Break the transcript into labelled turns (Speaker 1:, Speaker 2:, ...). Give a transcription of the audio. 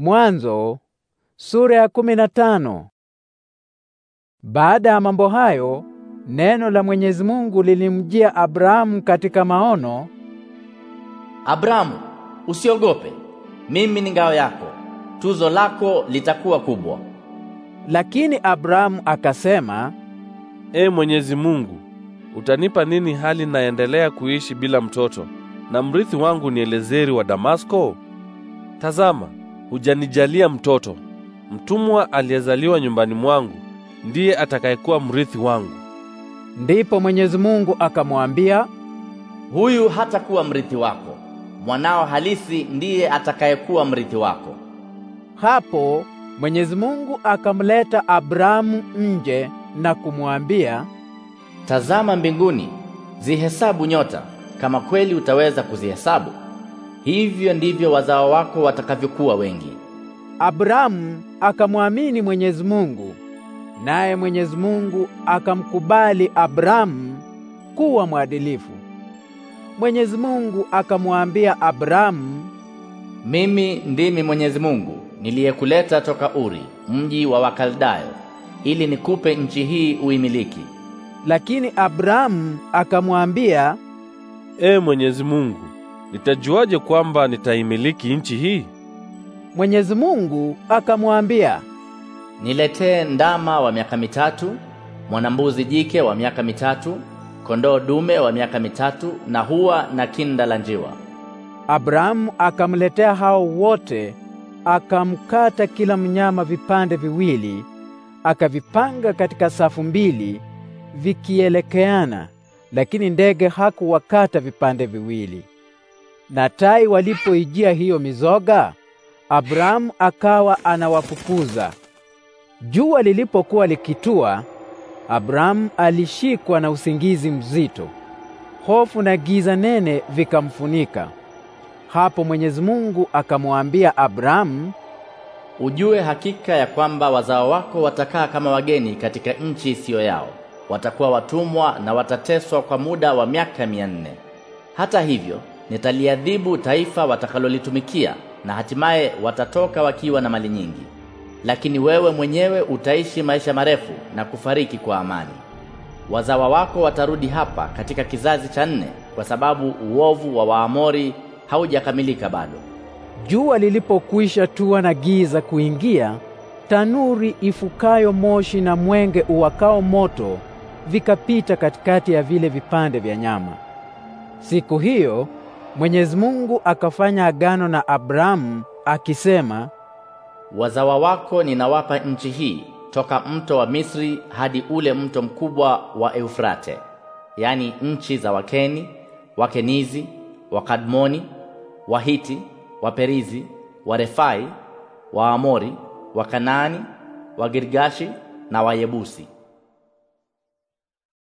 Speaker 1: Mwanzo sura ya kumi na tano. Baada ya mambo hayo, neno la Mwenyezi Mungu lilimjia Abrahamu katika maono,
Speaker 2: Abrahamu, usiogope, mimi ni ngao yako, tuzo lako litakuwa kubwa. Lakini Abrahamu
Speaker 3: akasema, E Mwenyezi Mungu, utanipa nini hali naendelea kuishi bila mtoto na mrithi wangu ni Elezeri wa Damasko? Tazama, hujanijalia mtoto, mtumwa aliyezaliwa nyumbani mwangu ndiye atakayekuwa mrithi wangu.
Speaker 1: Ndipo Mwenyezi Mungu akamwambia,
Speaker 2: huyu hatakuwa mrithi wako, mwanao halisi ndiye atakayekuwa mrithi wako.
Speaker 1: Hapo Mwenyezi Mungu akamleta Abrahamu nje na kumwambia, tazama mbinguni, zihesabu nyota
Speaker 2: kama kweli utaweza kuzihesabu hivyo ndivyo wazao wako watakavyokuwa
Speaker 1: wengi. Abrahamu akamwamini Mwenyezi Mungu, naye Mwenyezi Mungu akamkubali Abrahamu kuwa mwadilifu. Mwenyezi Mungu akamwambia Abrahamu, mimi ndimi
Speaker 2: Mwenyezi Mungu niliyekuleta toka Uri, mji wa Wakaldayo, ili nikupe
Speaker 1: nchi hii uimiliki. Lakini Abrahamu akamwambia,
Speaker 3: E Mwenyezi Mungu, nitajuaje kwamba nitaimiliki nchi hii?
Speaker 1: Mwenyezi Mungu akamwambia,
Speaker 2: niletee ndama wa miaka mitatu, mwanambuzi jike wa miaka mitatu, kondoo dume wa miaka mitatu, na
Speaker 1: hua na kinda la njiwa. Abrahamu akamletea hao wote, akamkata kila mnyama vipande viwili, akavipanga katika safu mbili vikielekeana, lakini ndege hakuwakata vipande viwili na tai walipoijia hiyo mizoga, Abrahamu akawa anawafukuza. Jua lilipokuwa likitua, Abrahamu alishikwa na usingizi mzito. Hofu na giza nene vikamfunika. Hapo Mwenyezi Mungu akamwambia Abrahamu, Ujue hakika ya kwamba wazao wako watakaa kama wageni katika
Speaker 2: nchi isiyo yao, watakuwa watumwa na watateswa kwa muda wa miaka mia nne. Hata hivyo nitaliadhibu taifa watakalolitumikia na hatimaye watatoka wakiwa na mali nyingi. Lakini wewe mwenyewe utaishi maisha marefu na kufariki kwa amani. Wazawa wako watarudi hapa katika kizazi cha nne, kwa sababu uovu wa Waamori haujakamilika bado.
Speaker 1: Jua lilipokwisha tua na giza kuingia, tanuri ifukayo moshi na mwenge uwakao moto vikapita katikati ya vile vipande vya nyama. Siku hiyo Mwenyezi Mungu akafanya agano na Abrahamu akisema,
Speaker 2: wazawa wako ninawapa nchi hii toka mto wa Misri hadi ule mto mkubwa wa Eufrate, yaani nchi za Wakeni, Wakenizi, Wakadmoni, Wahiti, Waperizi, Warefai, Waamori, Wakanaani, Wagirgashi na Wayebusi.